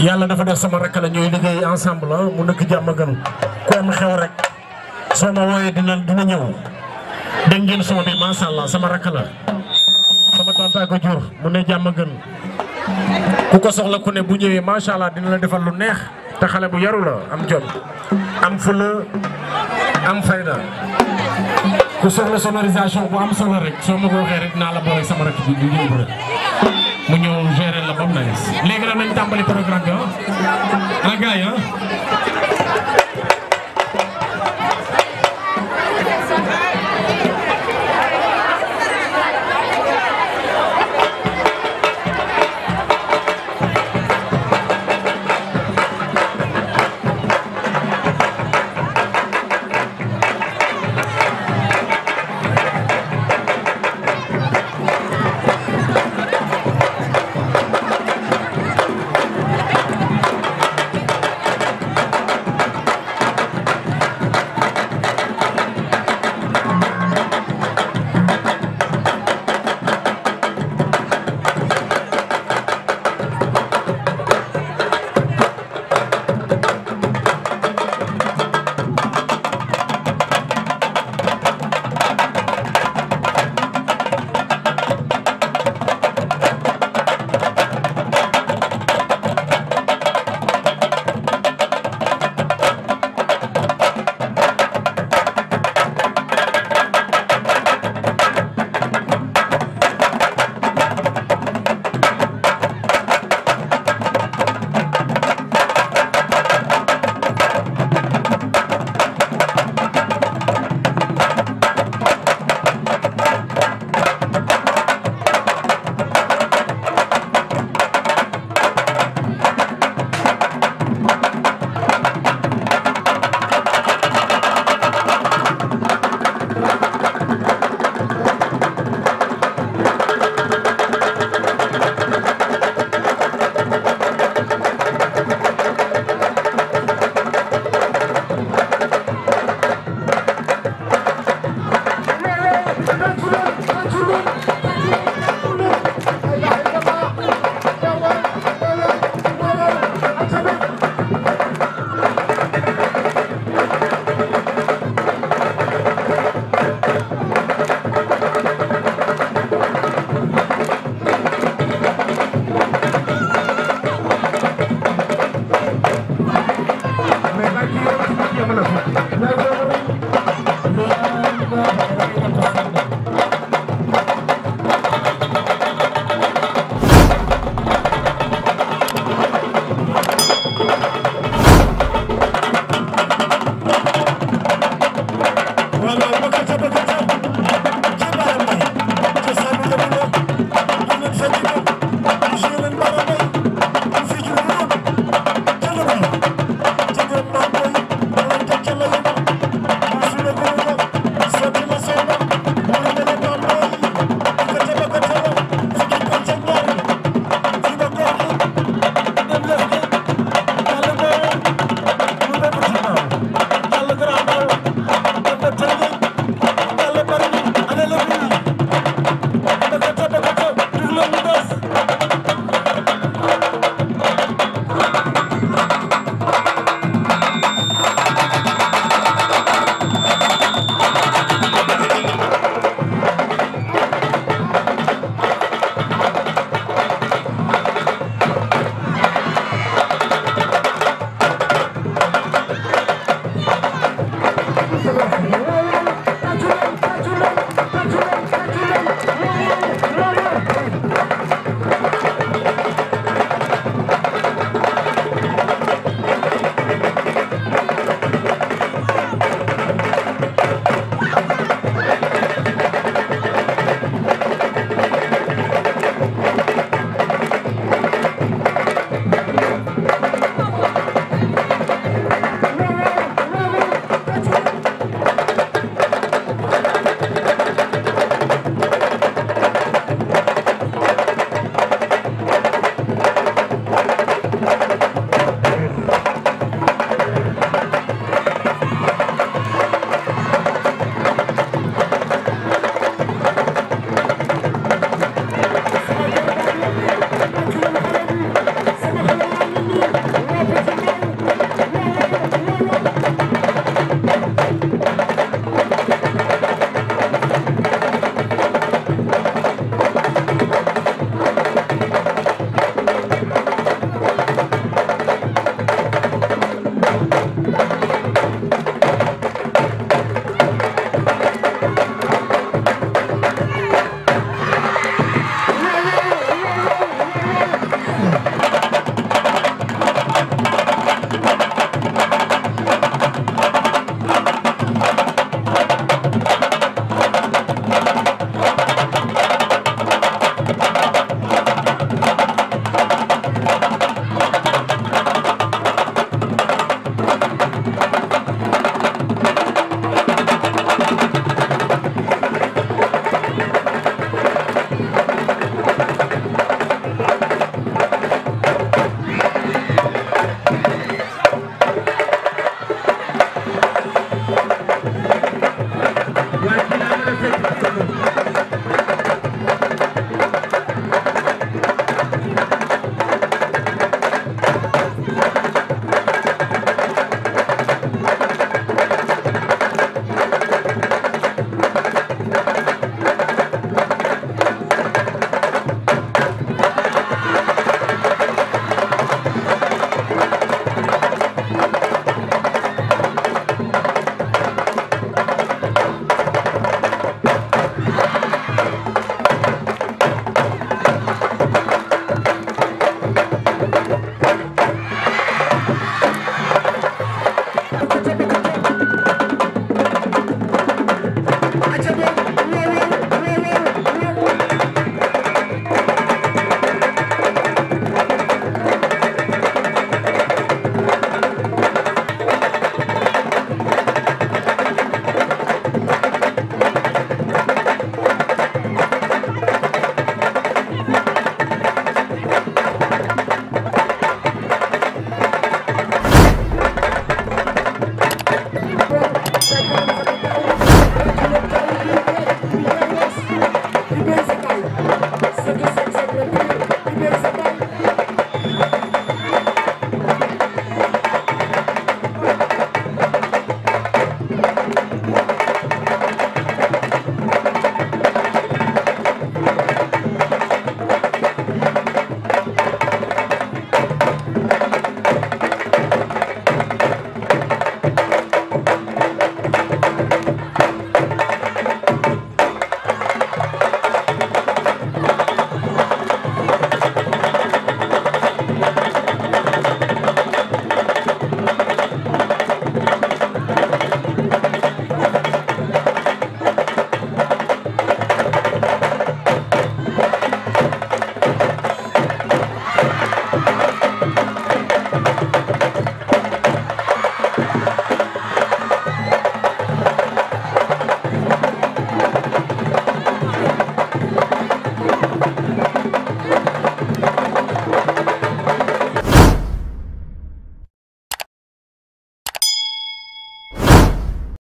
yalla dafa def sama rek la ñooy liggéey ensemble mu nekk jàmm gën ku am xew rek sama woy dina dina ñew de ngeen sama bi sha allah sama rek la sama tante ko jur mu ne jàmm ku ko soxla ku ne bu ma sha allah dina la defal lu neex te xalé bu yaru la am jom am fulu am fayda ku soxla sonorisation bu am solo rek sama ko rek na la sama rek bu rek mu ñew nice léegi nag nañ tàmbali programme bi